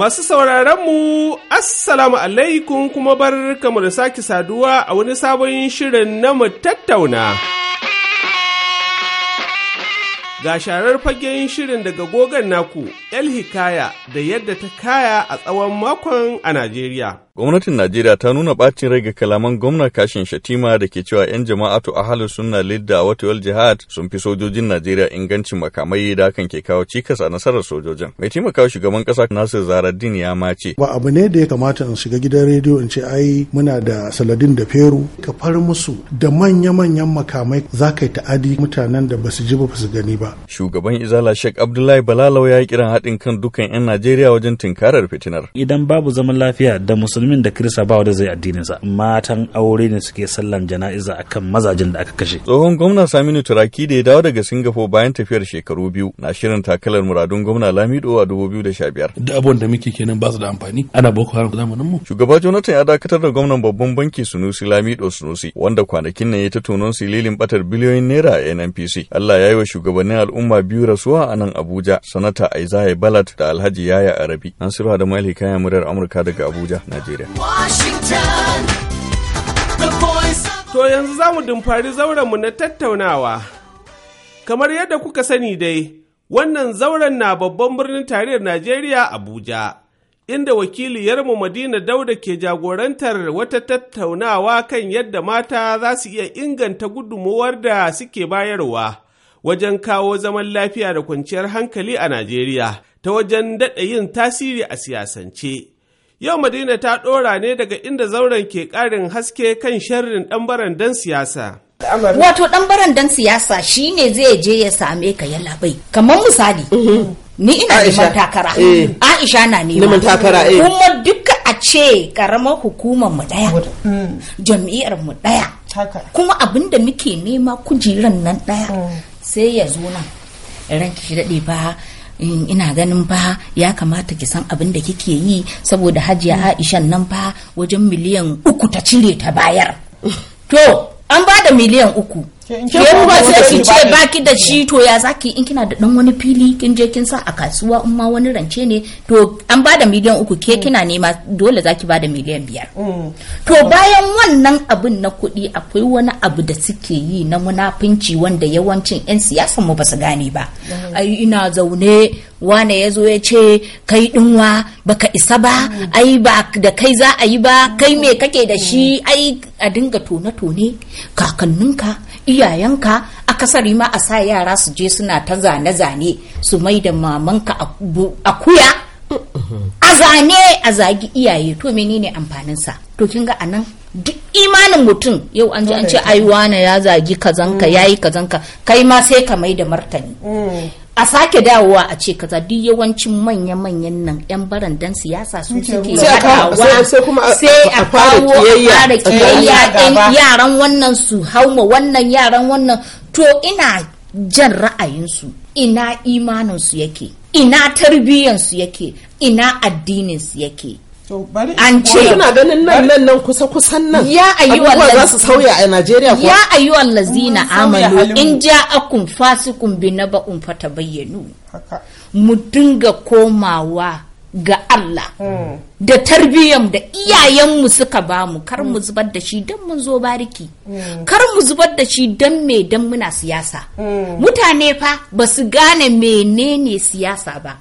Masu mu Assalamu alaikum kuma bar kamu da sake saduwa a wani sabon shirin na mu tattauna. Ga sharar fagen shirin daga gogon naku, El Hikaya da yadda ta kaya a tsawon makon a Najeriya. Gwamnatin Najeriya ta nuna bacin rage kalaman gwamna kashin shatima da ke cewa 'yan jama'atu a halin suna lidda watawal jihad sun fi sojojin Najeriya ingancin makamai da hakan ke kawo cikas a nasarar sojojin. Mai taimakawa shugaban kasa Nasir Zaraddin ya mace. Ba abu ne da ya kamata in shiga gidan rediyo in ce ai muna da saladin da feru ka far musu da manya-manyan makamai za ka yi ta'adi mutanen da basu ji ba su gani ba. Shugaban Izala Sheikh Abdullahi Balalau ya yi kiran haɗin kan dukkan 'yan Najeriya wajen tinkarar fitinar. Idan babu zaman lafiya da musulmi musulmin da kirista ba wanda zai addinin sa matan aure ne suke sallan jana'iza akan mazajin da aka kashe tsohon gwamna Saminu Turaki da ya dawo daga Singapore bayan tafiyar shekaru biyu na shirin takalar muradun gwamna Lamido a 2015 da abubuwan da muke kenan ba su da amfani ana boko haram zamanin mu shugaba Jonathan ya dakatar da gwamnan babban banki Sunusi Lamido Sunusi wanda kwanakin nan ya ta tonon sililin batar biliyoyin naira a NNPC Allah ya yi wa shugabannin al'umma biyu rasuwa a nan Abuja sanata Aizaye balat da Alhaji Yaya Arabi Nasiru Adamu Alhikaya murar Amurka daga Abuja Najeriya Najeriya. To yanzu za mu dumfari zaurenmu na tattaunawa. Kamar yadda kuka sani dai, wannan zauren na babban birnin tariyar Najeriya Abuja, inda wakiliyarmu Madina Dauda ke jagorantar wata tattaunawa kan yadda mata za su iya inganta gudunmuwar da suke bayarwa wajen kawo zaman lafiya da kwanciyar hankali a Najeriya ta wajen daɗa yin tasiri a siyasance. Yau Madina ta ɗora ne daga inda zauren ke ƙarin haske kan sharrin ɗanbaran dan siyasa. Wato ɗanbaran dan siyasa shi ne zai je ya same ka ya labai. Kamar misali, ni ina neman takara, eh. Aisha na neman takara, eh. kuma duka a ce ƙaramar hukumar mu ɗaya, hmm. jam'iyyar mu ɗaya, kuma abin da muke nema kujeran nan ɗaya hmm. sai ya zo nan. ranki shi daɗe ba ina ganin fa ya kamata ki san abin da kike yi saboda hajiya aishan nan fa wajen miliyan uku ta cire ta bayar mm. to an ba da miliyan uku ke ba sai ki ce baki da shi to ya zaki in kina da dan wani fili kin je kin sa a kasuwa in ma wani rance ne to an bada miliyan uku ke mm. kina nema dole zaki bada miliyan biyar mm. to bayan wannan abin na kuɗi akwai wani abu da suke yi na munafinci wanda yawancin yan siyasan mu ba su gane ba mm. ai ina zaune wane ya zo ya ce kai dinwa baka isa ba ai ba da kai za a yi ba kai me kake da shi ai a dinga tone-tone kakanninka iyayenka a akasari ma a sa yara su je suna ta zane-zane su mai da mamanka a kuya a zane a zagi iyaye to menene amfaninsa to kin ga anan duk imanin mutum yau an ji an ce ai wane ya zagi kazanka yayi kazanka kai ma sai ka mai da martani mm. a sake dawowa a ce kaza duk yawancin manya-manyan nan yan barandan siyasa su suke haɗawa sai a kawo a kiyayya yaran wannan su hauma wannan yaran wannan to ina jan ra'ayinsu ina imaninsu yake ina tarbiyyansu yake ina addininsu yake an ce kina ganin nan nan nan kusa kusan nan ya ayyuhal za su sauya a Najeriya ya ayyuhal lazina amanu in ja'akum fasikum bi naba'un fatabayyanu mu dinga komawa ga Allah da tarbiyyam da iyayenmu suka bamu kar mu zubar da shi don mun zo bariki kar mu zubar da shi don me don muna siyasa mutane fa ba su gane menene siyasa ba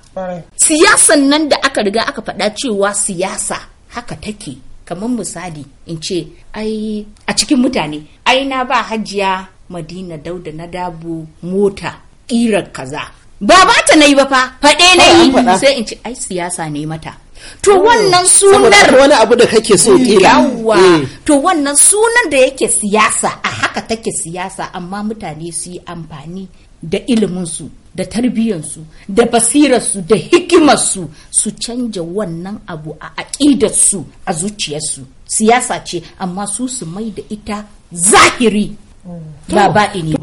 siyasan nan da aka riga aka faɗa cewa siyasa haka take kamar misali in ce ai a cikin mutane ai na ba hajiya madina dauda na dabo mota ƙirar kaza ba ba ta na yi ba fa faɗe na yi sai in ci ai siyasa ne mata to oh. wannan sunar wani abu da kake so kila mm, eh. to wannan sunan da yake siyasa a haka take siyasa amma mutane su yi amfani da iliminsu da tarbiyyarsu da basirarsu da hikimarsu su canja wannan abu a aƙidarsu a zuciyarsu siyasa ce amma su su mai da ita zahiri mm. ba baɗini.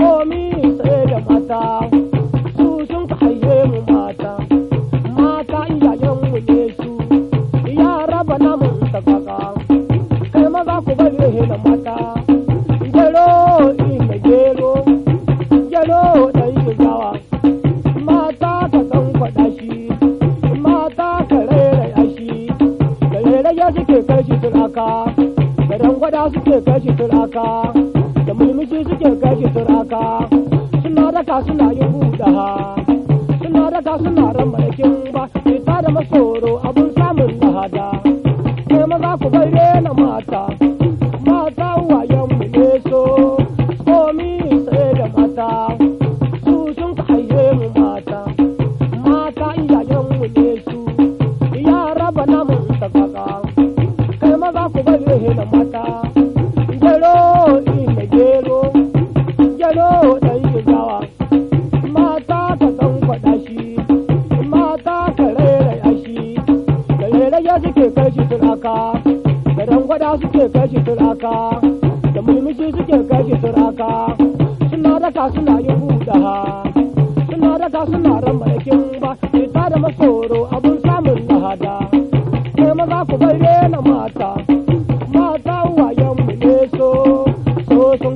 tsoro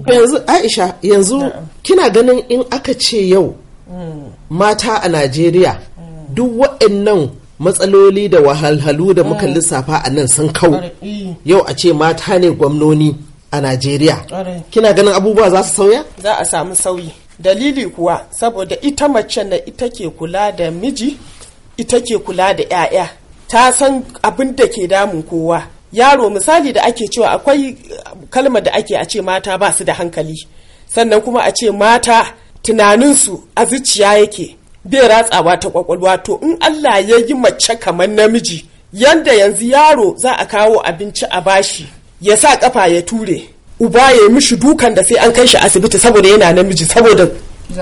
yanzu aisha yanzu kina ganin in aka ce yau mm. mata a najeriya mm. duk waɗannan matsaloli da wahalhalu da muka mm. lissafa a nan sun kau yau a ce mata ne gwamnoni a najeriya kina ganin abubuwa za su sauya za a samu sauyi dalili kuwa saboda ita mace na ita ke kula da miji ita ke kula da 'ya'ya ta san abin da ke damun kowa yaro misali da ake cewa akwai eh, kalmar da ake a ce mata ba su da hankali sannan kuma a ce mata tunaninsu a zuciya yake bai ratsawa ta kwakwalwa to in Allah ya yi mace kamar namiji yanda yanzu yaro za a kawo abinci a bashi ya sa kafa ya ture uba ya yi mishi dukan da sai an kai shi asibiti saboda yana namiji saboda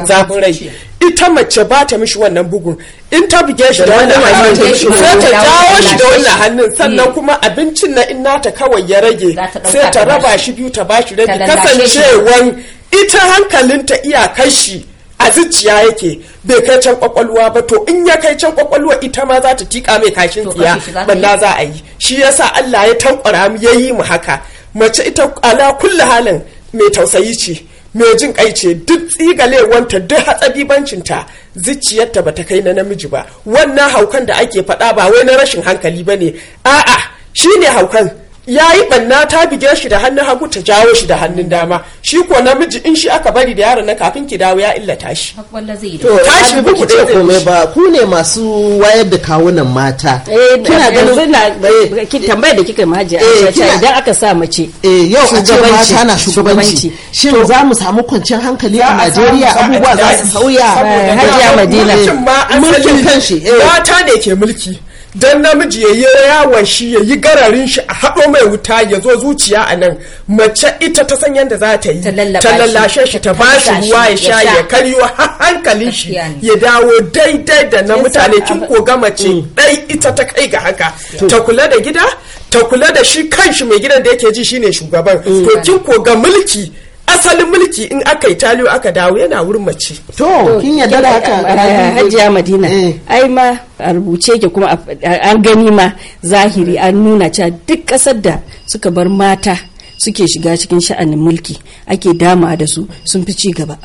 zafin rai ita mace ba ta mishi wannan bugun in ta buge shi da wannan hannun sai ta jawo shi da wannan hannun sannan hmm. kuma abincin na in nata kawai ya rage sai ta raba shi biyu ta bashi rage kasancewan ita hankalin hankalinta kai shi a zuciya yake bai kai can kwakwalwa ba to in ya kai can kwakwalwa ita ma za ta tika mai kashin tsiya balla za a yi shi yasa Allah ya tankwara mu yayi mu haka mace ita ala kulle halin mai tausayi ce mai jin kai ce duk tsigalewanta duk hatsabibancinta zuciyarta ta kai na namiji ba wannan haukan da ake faɗa ba wai na rashin hankali ba ne a'a shi ne haukan ya yi banna ta bige shi da hannun hagu ta jawo shi da hannun dama shi ko namiji in shi aka bari da yaron na kafin ki dawo ya illata shi to tashi ba ku ce komai ba ku ne masu wayar da kawunan mata eh, kina ganin eh. ki tambayar da kika maji a eh, idan aka sa mace yau a ce mata na shugabanci shin za mu samu kwanciyar hankali a Najeriya abubuwa za su sauya hajiya Madina mulkin kanshi mata ne ke mulki dan namiji ya yi yawon shi ya yi gararin shi a haɗo mai wuta ya zo zuciya a nan mace ita ta san yadda za ta yi ta lallashe shi ta bashi ruwa ya sha ya karyo hankalin shi ya dawo daidai da na mutane kin ko koga mace mm. ɗai ita ta kai ga haka ta kula da gida ta kula da shi kanshi mai gidan da yake ji shine shugaban mm. to kin ko ga mulki asalin mulki in aka yi taliyo aka dawo yana wurmaci. To, kin yadda da haka eh, eh, eh, Hajiya Madina. Ai ma a rubuce ke kuma an gani ma zahiri an nuna cewa duk ƙasar da suka bar mata suke shiga cikin sha'anin mulki ake dama da su sun fi ci gaba.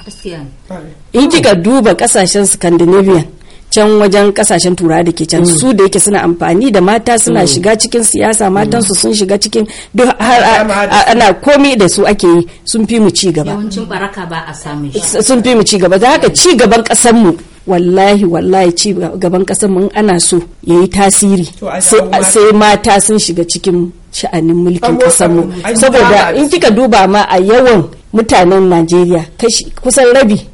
In kika duba ƙasashen Scandinavian can wajen kasashen turawa da ke can mm. su da yake suna amfani da mata suna mm. shiga cikin siyasa matansu mm. sun shiga cikin duk har ana komi da su ake yi sun fi mu ci gaba yawancin baraka ba a sami sun fi mu ci gaba da haka ci gaban kasar mu wallahi wallahi ci gaban kasar mu ana so yayi tasiri sai mata sun shiga cikin sha'anin mulkin kasar mu saboda in kika duba ma a yawan mutanen najeriya kusan rabi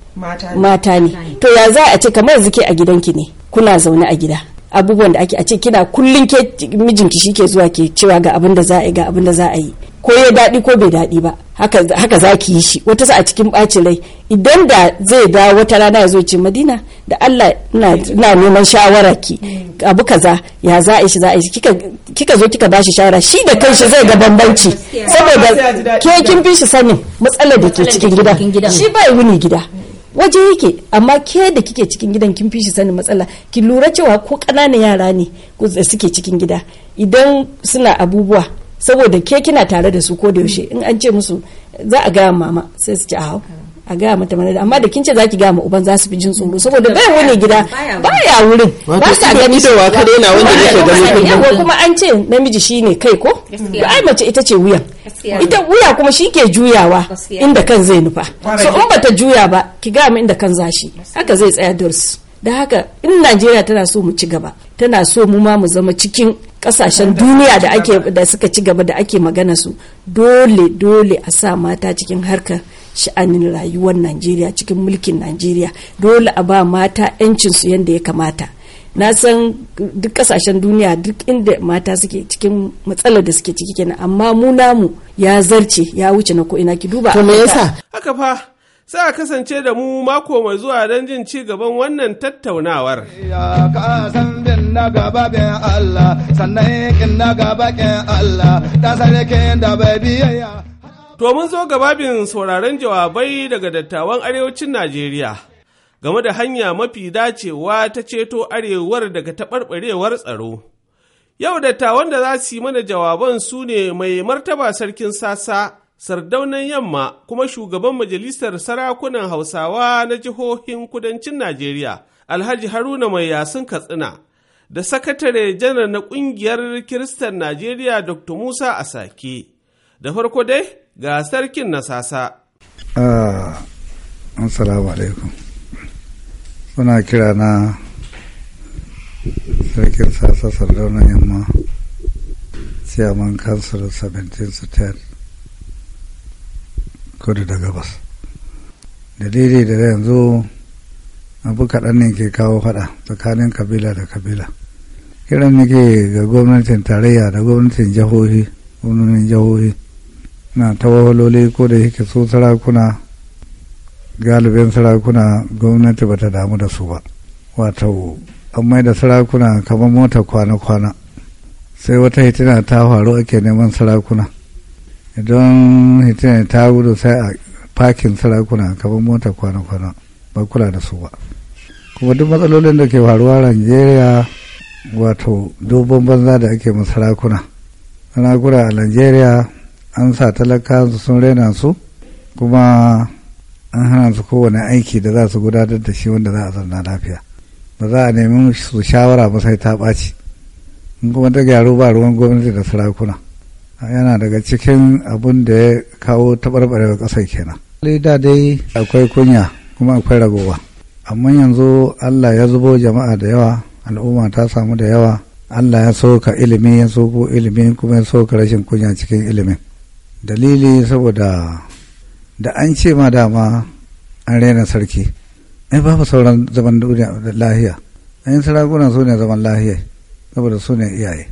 mata ne to ya za a ce kamar zike a gidanki ne kuna zaune a gida abubuwan da ake a ce kina kullum ke mijinki shi ke zuwa ke cewa ga abin da za a yi ga abin da za a yi ko ya daɗi ko bai daɗi ba haka, za ki yi shi wata sa a cikin ɓacin rai idan da zai da wata rana ya zo ce madina da allah na, neman shawara ki abu kaza ya za a yi shi za a yi shi kika, zo kika bashi shawara shi da kanshi zai ga bambanci saboda ke kin fi shi sanin matsalar da ke cikin gida shi bai wuni gida waje yake amma ke da kike cikin gidan kin fi shi sanin matsala ki lura cewa ko ƙananan yara ne da suke cikin gida idan suna abubuwa saboda ke kina tare da su ko da yaushe in an ce musu za a gaya mama sai su ci a hau. a gaya mata mana amma da kin ce zaki gaya ma uban za su fi jin tsoro saboda bai wani gida baya wurin ba ta gani da wa kada yana wanda yake gani ko kuma an ce namiji shine kai ko ai mace ita ce wuyan ita wuya kuma shi ke juyawa inda kan zai nufa so in bata juya ba ki ga mu inda kan zashi haka zai tsaya durs da haka in Najeriya tana so mu ci gaba tana so mu ma mu zama cikin kasashen duniya da ake da suka ci gaba da ake magana su dole dole a sa mata cikin harkar sha'anin rayuwar najeriya cikin mulkin najeriya dole a ba mata su yadda ya kamata na san duk kasashen duniya duk inda mata suke cikin matsalar da suke ciki kenan amma mu namu ya zarce ya wuce na ko'ina ki duba to me yasa haka fa sai a kasance da mu mako mai zuwa don jin ci gaban wannan tattaunawar na gaba To mun zo gababin sauraron jawabai daga dattawan arewacin Najeriya game da hanya mafi dacewa ta ceto arewar daga taɓarɓarewar tsaro. Yau dattawan da za su yi mana jawaban su ne mai martaba sarkin sasa, sardaunan yamma kuma shugaban majalisar sarakunan Hausawa na jihohin kudancin Najeriya, Alhaji Haruna Mai Yasin Katsina, da sakatare janar na ƙungiyar Kiristan Najeriya Dr. Musa Asake. Da farko dai, ga sarkin na sasa. Ah, assalamu alaikum. Suna kira na sarkin sasa sardaunan yamma siyaman kansar 1710 kudu da gabas. Dalili da yanzu abu kaɗan ne ke kawo faɗa tsakanin kabila da kabila. Kiran nake ga gwamnatin tarayya da gwamnatin jihohi, gwamnatin jihohi. na wahaloli ko da yake so sarakuna galibin sarakuna gwamnati ba ta damu da su ba wato an mai da sarakuna kamar mota kwana-kwana sai wata hitina ta faru ake neman sarakuna idan hitina ta gudu sai a fakin sarakuna kamar mota kwana-kwana ba kula da su ba kuma duk matsalolin da ke faruwa Najeriya wato dubban banza da ake ma sarakuna sarakuna a Najeriya an sa talaka sun raina su kuma an hana su kowane aiki da za su gudanar da shi wanda za a zanna lafiya ba za a nemi su shawara ba sai ta ɓaci in kuma ta gyaru ba ruwan gwamnati da sarakuna yana daga cikin abun da ya kawo taɓarɓarewa ƙasar kenan lida dai akwai kunya kuma akwai ragowa amma yanzu allah ya zubo jama'a da yawa al'umma ta samu da yawa allah ya soka ilimin ya soko ilimin kuma ya soka rashin kunya cikin ilimin dalili saboda da an ce ma dama an raina sarki ai ba sauran zaman duniya lahiya ayin sarakunan su ne zaman lahiya saboda su ne iyaye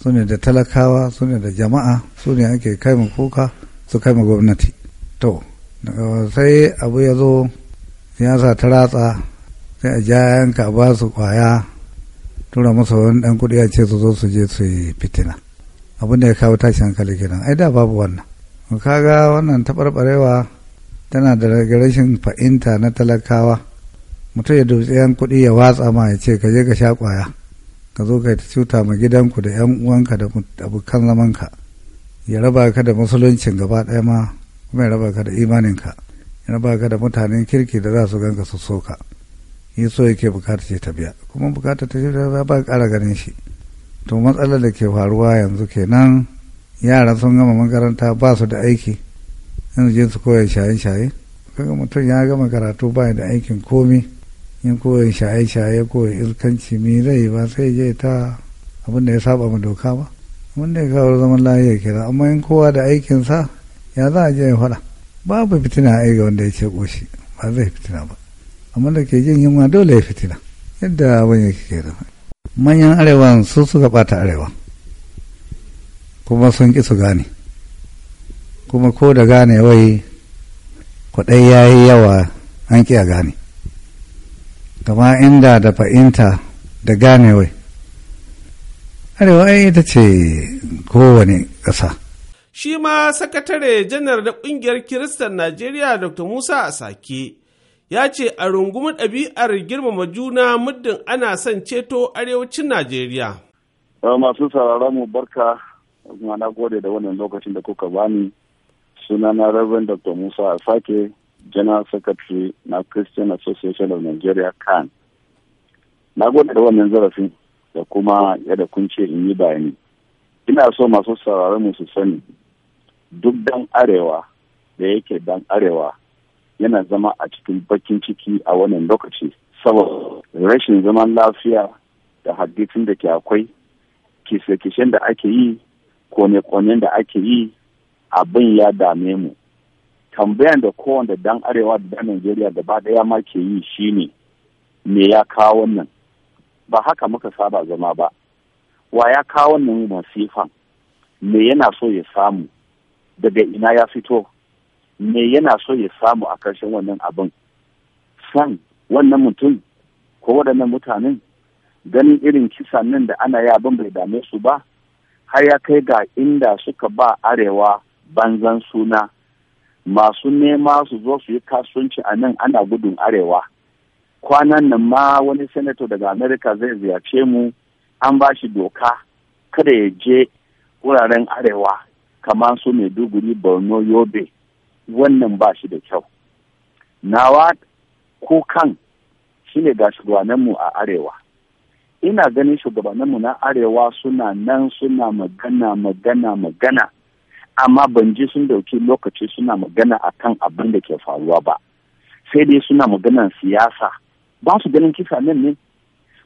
su ne da talakawa su ne da jama'a su ne ake kai mu kuka su kai mu gwamnati to sai abu ya zo siyasa ta ratsa sai a ja yanka ba su kwaya tura masa wani dan kudi a ce su zo su je su yi fitina abin da ya kawo tashin hankali kenan ai da babu wannan kaga wannan taɓarɓarewa tana da rashin fahimta na talakawa mutum ya dutse yan kuɗi ya watsa ma ya ce ka je ka sha ƙwaya ka zo ka ta cuta ma gidanku da yan uwanka da abokan zamanka ya raba ka da musuluncin gaba ɗaya ma kuma ya raba ka da imaninka ya raba ka da mutanen kirki da za su ganka su soka yi so yake bukatar ce ta biya kuma bukatar ta ta ba ƙara ganin shi to matsalar da ke faruwa yanzu kenan yara sun gama makaranta ba su da aiki yanzu je su koya shaye-shaye kaga mutum ya gama karatu ba da aikin komi in koya shaye-shaye ko iskanci mi zai ba sai je ta abin da ya saba ma doka ba wanda ya kawo zaman lafiya kira amma in kowa da aikinsa ya za a je ya faɗa babu fitina a ga wanda ya ce koshi ba zai fitina ba amma da ke jin yunwa dole ya fitina yadda abin yake da. manyan arewan su suka bata arewa kuma sun ƙi su gane kuma ko da gane wai kwaɗai ya yi yawa an ƙi a gane gama inda da fa'inta da gane wai arewa ita ce kowane ƙasa shi ma sakatare janar da ƙungiyar kiristan najeriya dr musa asake ya ce a rungumi ɗabi'ar girmama juna muddin ana son ceto arewacin Najeriya. Masu sauraron mu barka kuma na gode da wannan lokacin da kuka bani na Reverend Dr. Musa Asake General Secretary na Christian Association of Nigeria CAN. Na gode da wannan zarafin da kuma yadda kun ce in yi bayani. Ina so masu sauraron mu su sani duk dan arewa da yake dan arewa yana zama a cikin bakin ciki a wannan lokaci saboda rashin zaman lafiya da haddisin da ke akwai kise-kishen da ake yi kone-konen da ake yi abin ya dame mu tambayan da kowanne dan arewa da dan najeriya ba daya ma ke yi shine me ya kawo wannan ba haka muka saba zama ba wa ya kawo wannan masifan me yana so ya samu daga ina ya fito me yana so ya samu a ƙarshen wannan abin san wannan mutum ko waɗannan mutanen ganin irin kisan nan da ana yaban bai dame su ba har ya kai ga inda suka ba arewa banzan suna masu nema su zo su yi kasuwanci a nan ana gudun arewa kwanan nan ma wani senator daga america zai ziyarce mu an ba shi doka kada ya je wuraren arewa kamar su maiduguri borno yobe wannan ba shi da kyau nawa kukan shi ne ga shugabanninmu a arewa ina ganin shugabanninmu na arewa suna nan suna magana magana magana amma ban ji sun dauki lokaci suna magana a kan abin da ke faruwa ba sai dai suna maganan siyasa ba su ganin kisa nan ne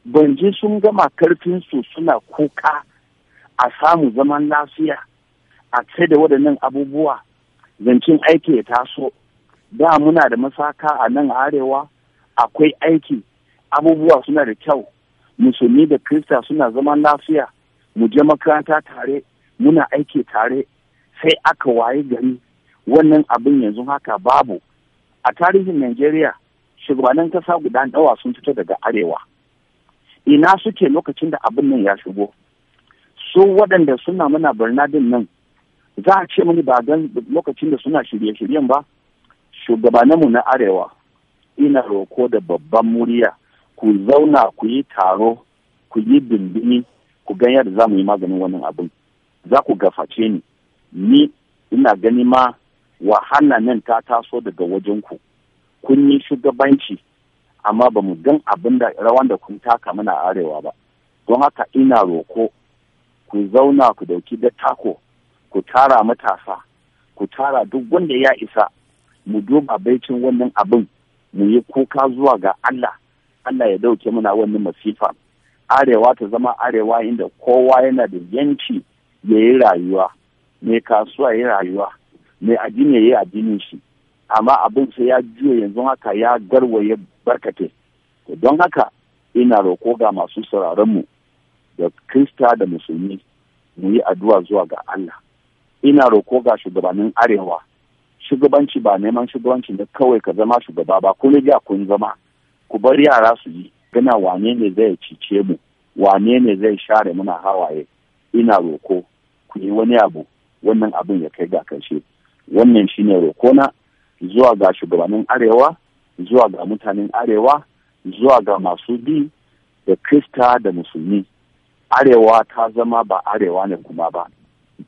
ban ji sun gama karfinsu suna kuka a samu zaman lafiya a ce da waɗannan abubuwa zancen aiki ya taso da muna da masaka a nan arewa akwai aiki abubuwa suna da kyau musulmi da krista suna zama lafiya mu je makaranta tare muna aiki tare sai aka waye gari wannan abin yanzu haka babu a tarihin najeriya shugabannin kasa guda dawa sun fito daga arewa ina suke lokacin da abin nan ya shigo su waɗanda suna mana barna nan za a ce mani ba don lokacin da suna shirye-shiryen ba shugabaninmu na arewa ina roko da babban murya ku zauna ku yi taro ku yi bindini ku gan yadda za mu yi maganin wannan abin za ku gaface ni ni ina gani ma wahala nan ta taso daga wajen ku kun yi shugabanci amma ba mu gan abin da rawan da kun taka mana arewa ba don haka ina roko ku zauna ku dauki da tako ku tara matasa ku tara duk wanda ya isa mu duba baicin wannan abin mu yi kuka zuwa ga Allah Allah ya dauke muna wannan masifa arewa ta zama arewa inda kowa yana da yanci ya yi rayuwa mai kasuwa ya yi rayuwa mai addini ya yi addinin shi amma abin sai ya juya yanzu haka ya garwaye barkate don haka ina roko ga masu sauraronmu da krista da musulmi mu yi addu'a zuwa ga Allah ina roko ga shugabannin arewa shugabanci ba neman shugabanci da kawai ka zama shugaba ba kun riga kun zama ku bar yara su yi gana wane ne zai cice mu wane ne zai share muna hawaye ina roko ku yi wani abu wannan abin ya kai ga karshe wannan shine rokona zuwa ga shugabannin arewa zuwa ga mutanen arewa zuwa ga masu bi da krista da musulmi arewa ta zama ba arewa ne kuma ba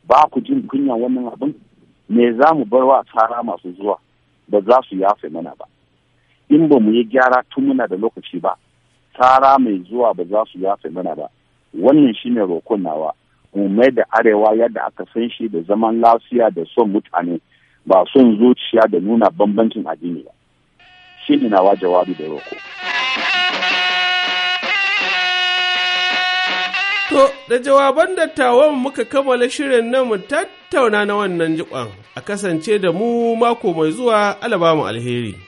ba ku jin kunya wannan abin me za mu bar wa tsara masu zuwa ba za su yafe mana ba in ba mu yi gyara tun muna da lokaci ba tsara mai zuwa ba za su yafe mana ba wannan shine roƙon nawa mu da arewa yadda aka san shi da zaman lafiya da son mutane ba son zuciya da nuna bambancin addini ba shine nawa jawabi da roƙo To, da jawaban dattawan muka kammala shirin na mu tattauna na wannan jiƙon, a kasance da mu mako mai zuwa alabama alheri.